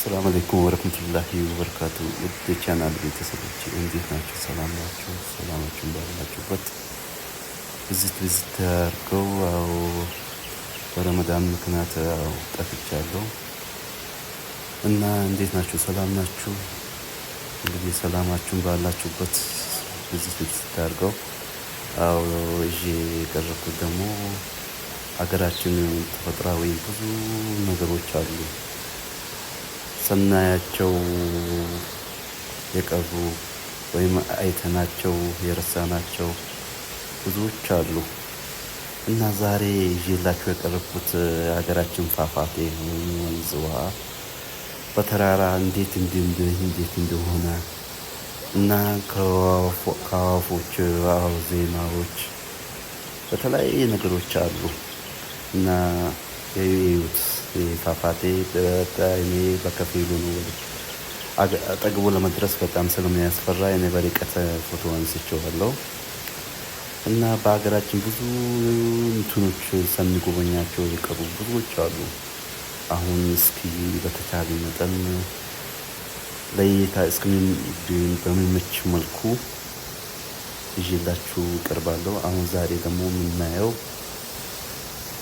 ሰላም አለይኩም ወረህመቱላሂ ወበረካቱ። ውድ ቻናል ቤተሰቦች እንዴት ናቸው? ሰላም ናቸው? ሰላማችሁን ባላችሁበት ብዝት ብዝት አድርገው። አዎ በረመዳን ምክንያት ጠፍቻለሁ እና እንዴት ናችሁ? ሰላም ናችሁ? እንግዲህ ሰላማችሁን ባላችሁበት ብዝት ብዝት አድርገው። አዎ ይዤ የቀረብኩት ደግሞ ሀገራችን ተፈጥሯዊ ብዙ ነገሮች አሉ ሰናያቸው የቀሩ ወይም አይተናቸው የረሳናቸው ብዙዎች አሉ እና ዛሬ ይዤላችሁ የቀረብኩት የሀገራችን ፏፏቴ ወንዝ ውሃ በተራራ እንዴት እንዴት እንደሆነ እና ከአዋፎች አው ዜማዎች በተለያየ ነገሮች አሉ እና የዩት ፏፏቴ እኔ በከፊሉ ነው አጠግቦ ለመድረስ በጣም ስለሚያስፈራ እኔ በርቀት ፎቶ አንስቼዋለሁ። እና በሀገራችን ብዙ እንትኖች ሳንጎበኛቸው የቀሩ ብዙዎች አሉ። አሁን እስኪ በተቻለ መጠን ለእይታ በሚመች መልኩ ይዤላችሁ እቀርባለሁ። አሁን ዛሬ ደግሞ የምናየው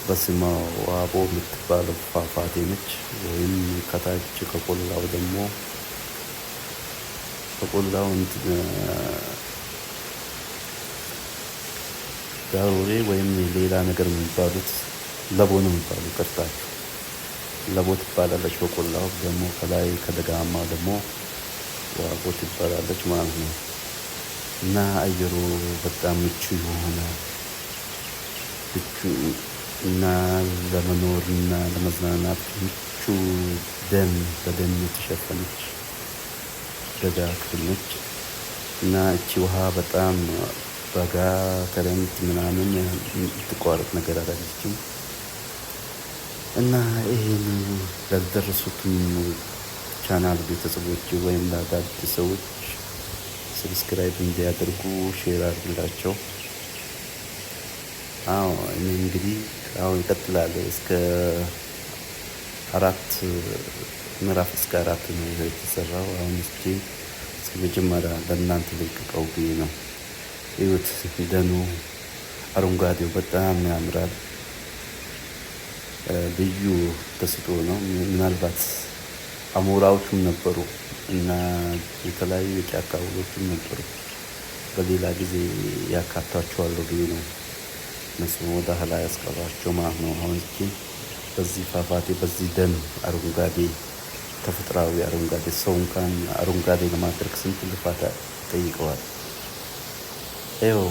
በስመ ዋቦ የምትባለው ፏፏቴ ነች። ወይም ከታች ከቆላው ደግሞ ከቆላው ዳሮሬ ወይም ሌላ ነገር የሚባሉት ለቦ ነው የሚባሉ ቅርታቸው ለቦ ትባላለች። በቆላው ደግሞ ከላይ ከደጋማ ደግሞ ዋቦ ትባላለች ማለት ነው እና አየሩ በጣም ምቹ የሆነ ምቹ እና ለመኖር እና ለመዝናናት ምቹ ደን በደን የተሸፈነች ደጋ ክፍል ነች እና እቺ ውሃ በጣም በጋ ክረምት ምናምን የምትቋረጥ ነገር አዳለችም እና ይህን ላልደረሱትም ቻናል ቤተሰቦች ወይም ለአዳዲስ ሰዎች ሰብስክራይብ እንዲያደርጉ ሼር አድርግላቸው። አዎ እኔ እንግዲህ አሁን ይቀጥላል እስከ አራት ምዕራፍ እስከ አራት ነው የተሰራው። አሁን እስኪ እስከ መጀመሪያ ለእናንተ ልልቀቀው ብዬ ነው። እዩት፣ ደኑ አረንጓዴው በጣም ያምራል። ልዩ ተስጦ ነው። ምናልባት አሞራዎቹም ነበሩ እና የተለያዩ የጫካ ውሎችም ነበሩ። በሌላ ጊዜ ያካቷቸዋለሁ ብዬ ነው። እነሱን ወደ ኋላ ያስቀሯቸው ማለት ነው። አሁን እስኪ በዚህ ፏፏቴ በዚህ ደን አረንጓዴ ተፈጥሯዊ አረንጓዴ ሰው እንኳን አረንጓዴ ለማድረግ ስንት ልፋት ጠይቀዋል። ይኸው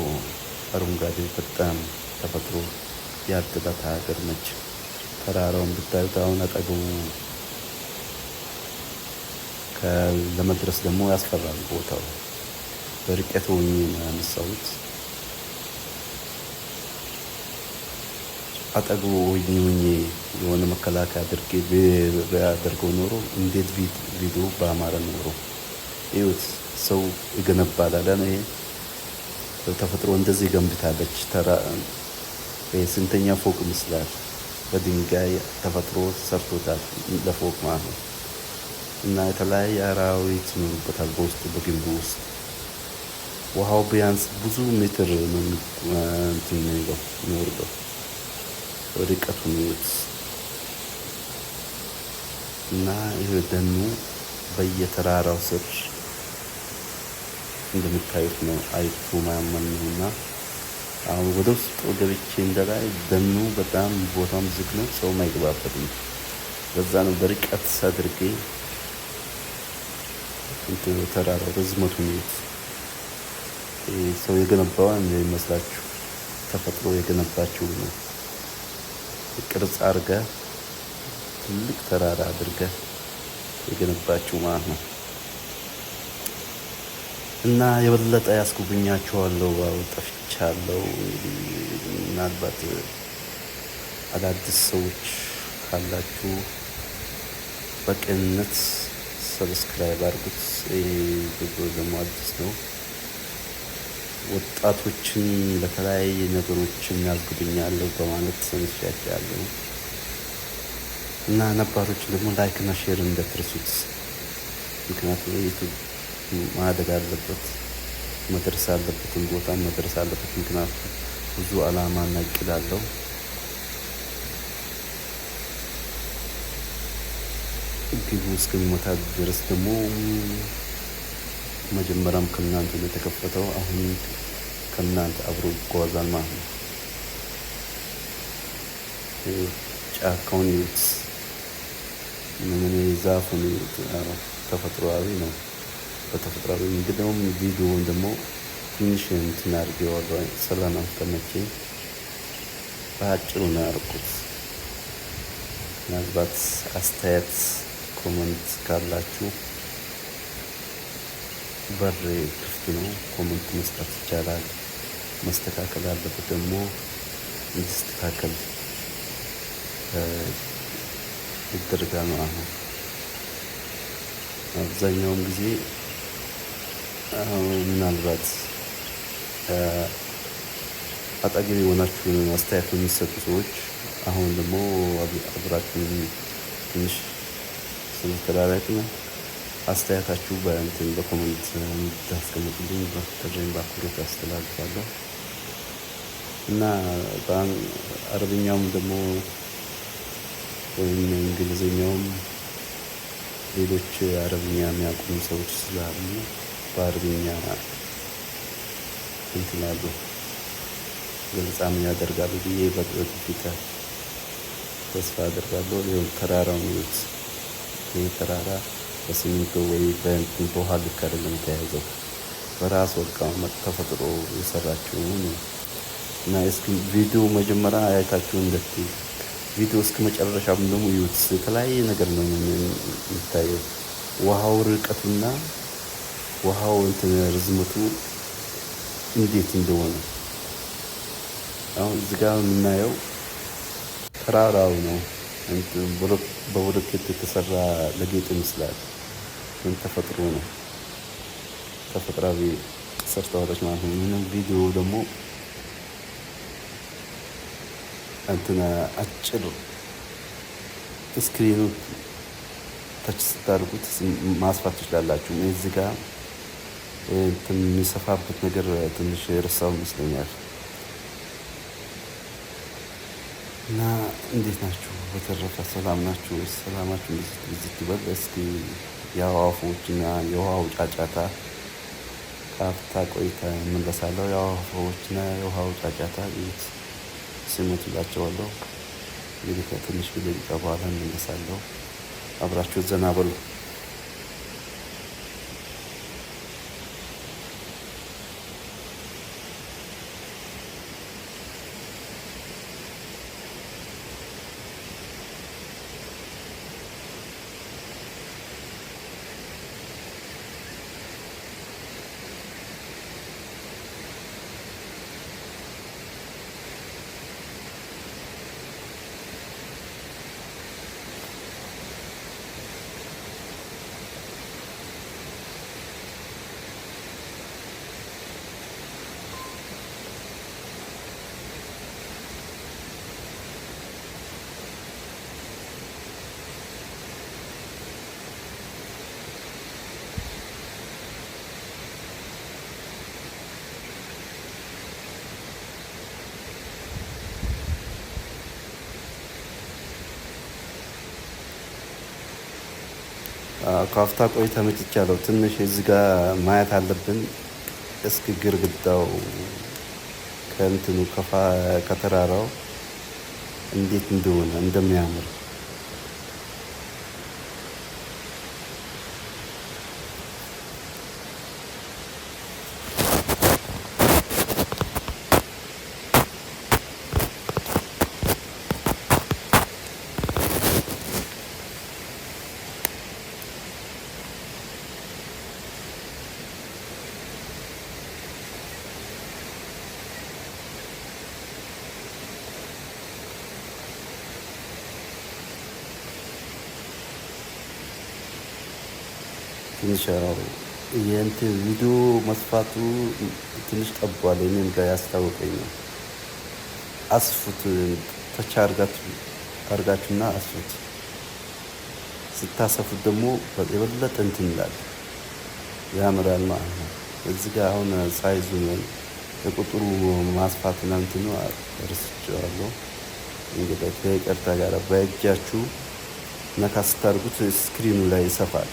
አረንጓዴ በጣም ተፈጥሮ ያደበት ሀገር ነች። ተራራውን ብታዩት አሁን አጠገቡ ለመድረስ ደግሞ ያስፈራል ቦታው በርቀት ሆኜ ነው ያነሳሁት። አጠግቦ ሆኜ ሆኜ የሆነ መከላከያ አድርጌ ቢያደርገው ኖሮ እንዴት ቪዲዮ በአማረ ኖሮ ይሁት ሰው ይገነባላል። ይሄ ተፈጥሮ እንደዚህ ገንብታለች። ስንተኛ ፎቅ ይመስላል? በድንጋይ ተፈጥሮ ሰርቶታል ለፎቅ ማለት ነው። እና የተለያየ አራዊት ይኖሩበታል በውስጡ በግንቡ ውስጥ ውሃው ቢያንስ ብዙ ሜትር ነው የሚኖርበው ርቀቱን እዩት እና ይህ ደኑ በየተራራው ስር እንደምታዩት ነው። አይቱ ማያመን ነውና አሁን ወደ ውስጥ ገብቼ እንደላይ ደኑ በጣም ቦታም ዝግ ነው፣ ሰውም አይገባበትም። በዛ ነው በርቀት አድርጌ እንትን ተራራው ርዝመቱን እዩት። ሰው የገነባዋ ይመስላችሁ ተፈጥሮ የገነባችው ነው። ቅርጽ አድርገህ ትልቅ ተራራ አድርገ የገነባችሁ ማለት ነው። እና የበለጠ ያስጎበኛችኋለሁ። ባው ጠፍቻለሁ። ምናልባት አዳዲስ ሰዎች ካላችሁ በቅንነት ሰብስክራይብ አድርጉት። ይህ ደግሞ አዲስ ነው። ወጣቶችን ለተለያየ ነገሮች ያግዱኛለሁ በማለት ያለ እና ነባሮች ደግሞ ላይክና ሼር እንደትርሱት፣ ምክንያቱም ዩቱብ ማደግ አለበት፣ መድረስ አለበትን ቦታ መድረስ አለበት። ምክንያቱም ብዙ አላማ እና እቅድ አለው። ግቡ እስከሚመታ ድረስ ደግሞ መጀመሪያም ከእናንተ ነው የተከፈተው። አሁን ከእናንተ አብሮ ይጓዛል ማለት ነው። ጫካውን ይዩት፣ ምን የዛፉን ይዩት። ተፈጥሯዊ ነው። በተፈጥሯዊ እንግዲሁም ቪዲዮውን ደግሞ ትንሽ እንትን አድርጌዋለሁ ስላናስተመቼ በአጭሩ ነው ያደረኩት። ምናልባት አስተያየት ኮመንት ካላችሁ በር ክፍት ነው። ኮመንት መስጠት ይቻላል። መስተካከል ያለበት ደግሞ እንዲስተካከል ይደረጋ ነው። አሁን አብዛኛውን ጊዜ ምናልባት አጠገብ የሆናችሁ አስተያየት የሚሰጡ ሰዎች አሁን ደግሞ አብራችሁ ትንሽ ስለተላላቂ ነው አስተያየታችሁ በእንትን በኮመንት እንድታስቀምጡልኝ በተረኝ በአክብሮት አስተላልፋለሁ እና በጣም አረብኛውም ደግሞ ወይም እንግሊዝኛውም ሌሎች አረብኛ የሚያውቁም ሰዎች ስላሉ በአረብኛ እንትናሉ ግልጻም ያደርጋሉ ብዬ በበፊት ተስፋ አደርጋለሁ። ይኸው ተራራውን ይኸው ተራራ በሲሚንቶ ወይ በእንትን ውሃ ልክ አይደለም የተያዘው በራስ ወርቃ ተፈጥሮ የሰራችው እና እስኪ ቪዲዮ መጀመሪያ አያታችሁ እንደት ቪዲዮ እስከ መጨረሻ ደግሞ ይዩት። የተለያየ ነገር ነው የሚታየው። ውሃው ርቀቱና ውሃው እንትን ርዝመቱ እንዴት እንደሆነ አሁን እዚህ ጋር የምናየው ተራራው ነው። በብሎኬት የተሰራ ለጌጥ ይመስላል። ግን ተፈጥሮ ነው ተፈጥራዊ ሰርተዋለች ማለት ነው። ምንም ቪዲዮ ደግሞ እንትን አጭር እስክሪኑ ተች ስታደርጉት ማስፋት ትችላላችሁ። እዚህ ጋ የሚሰፋበት ነገር ትንሽ ረሳው ይመስለኛል። እና እንዴት ናችሁ? በተረፈ ሰላም ናችሁ? ሰላማችሁ ብዝት ይበል እስኪ የአዕዋፎችና የውሃው ጫጫታ። ከአፍታ ቆይታ እመለሳለሁ። የአዕዋፎችና የውሃው ጫጫታ ቤት ስመቱላቸዋለሁ። እንግዲህ ከትንሽ ጊዜ በኋላ እመለሳለሁ። አብራችሁ ዘና በሉ። ከአፍታ ቆይ መጥቻለሁ። ትንሽ እዚህ ጋር ማየት አለብን። እስኪ ግርግዳው ከእንትኑ ከተራራው እንዴት እንደሆነ እንደሚያምር ትንሽ ያው የእንትን ቪዲዮ መስፋቱ ትንሽ ጠቧል። እኔም ጋር ያስታወቀኝ ነው። አስፉት ተቻ አርጋችሁና አስፉት። ስታሰፉት ደግሞ የበለጠ እንትን ይላል ያምራል ማለት ነው። እዚህ ጋር አሁን ሳይዙ የቁጥሩ ማስፋት ናምትኑ እርስቸዋለሁ። እንግዲህ ከይቅርታ ጋር በእጃችሁ ነካ ስታርጉት ስክሪኑ ላይ ይሰፋል።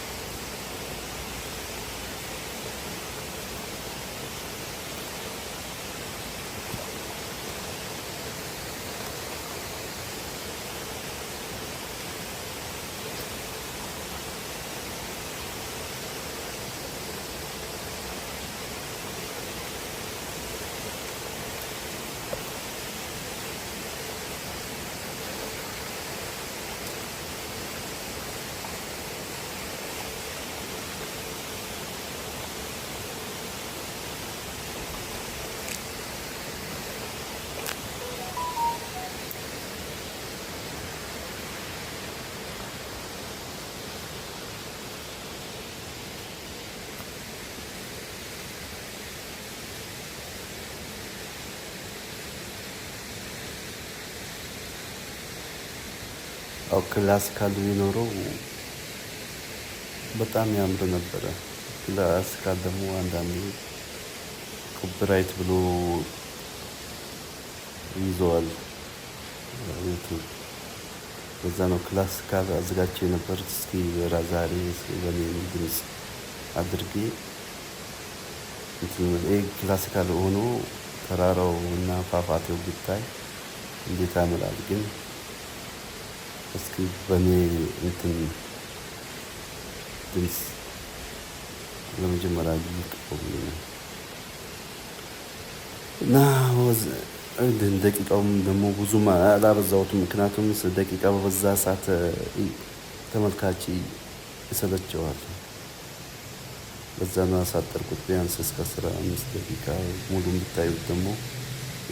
ክላሲካል ቢኖረው በጣም ያምር ነበረ። ክላሲካል ደግሞ አንዳንድ ኮፒራይት ብሎ ይዘዋል ዩቱብ። በዛ ነው ክላሲካል አዘጋጅቼ የነበር እስኪ ዛሬ በኔ ድምፅ አድርጌ ክላሲካል ሆኖ ተራራው እና ፏፏቴው ብታይ እንዴት ያምራል ግን እስኪ በእኔ እንትን ድምፅ ለመጀመሪያ ጊዜ እና ደቂቃውም ደግሞ ብዙም አላበዛሁትም። ምክንያቱም ደቂቃ በበዛ ሰዓት ተመልካች ይሰለቸዋል። በዛ ነው ያሳጠርኩት። ቢያንስ እስከ አስራ አምስት ደቂቃ ሙሉ የምታዩት ደግሞ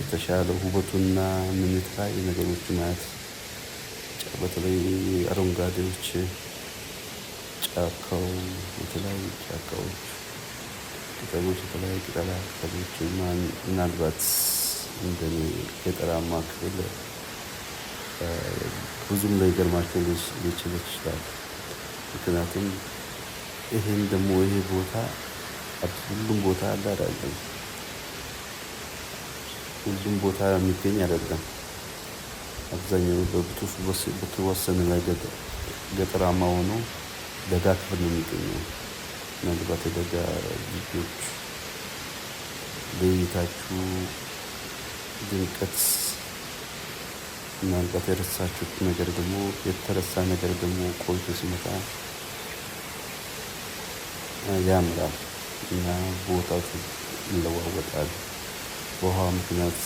የተሻለ ውበቱና በተለይ አረንጓዴዎች ጫካው የተለያዩ ጫካዎች ቅጠሎች የተለያዩ ቅጠላ ቅጠሎች ምናልባት እንደ ገጠራማ ክፍል ብዙም ላይገርማቸው ሊችል ይችላል። ምክንያቱም ይህን ደግሞ ይሄ ቦታ ሁሉም ቦታ አለ አይደለም፣ ሁሉም ቦታ የሚገኝ አይደለም። አብዛኛው በብቱ በተወሰነ ላይ ገጠራማ ሆኖ ደጋ ክፍል ነው የሚገኘው። ምናልባት የደጋ ልጆች በይታችሁ ድምቀት ምናልባት የረሳችሁት ነገር ደግሞ የተረሳ ነገር ደግሞ ቆይቶ ሲመጣ ያምራል እና ቦታው ይለዋወጣል። በውሃ ምክንያት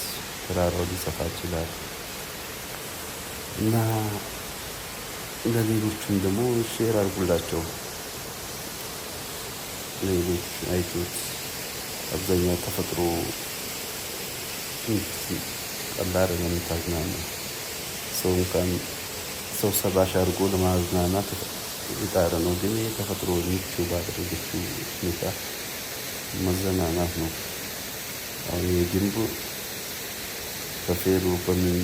ተራራው ሊሰፋ ይችላል። እና ለሌሎቹም ደግሞ ሼር አድርጉላቸው። ሌሎች አይቶች አብዛኛው ተፈጥሮ ቀላል ነው የምታዝናና ሰው እንኳን ሰው ሰራሽ አድርጎ ለማዝናናት የጣረ ነው። ግን የተፈጥሮ ምቹ ባደረገችው ሁኔታ መዘናናት ነው። አሁን የግንቡ በፌሩ በምን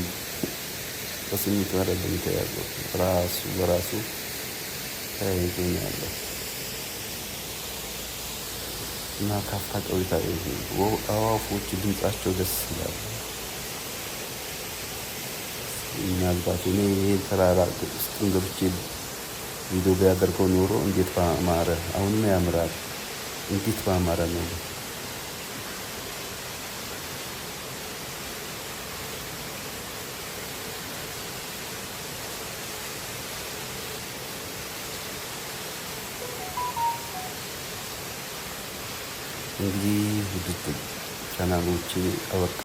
በስሜት መረገኝታ ያለው ራሱ በራሱ ተያይዞን ያለው እና ካፍታ ቆይታ አዋፎች ድምጻቸው ደስ ይላሉ። ምናልባት እኔ ይህን ተራራ ውስጥም ገብቼ ቪዲዮ ቢያደርገው ኖሮ እንዴት ባማረ አሁንም ያምራል። እንዴት ባማረ ነው እንግዲህ ውድድ ቻናሎቼ አወቅ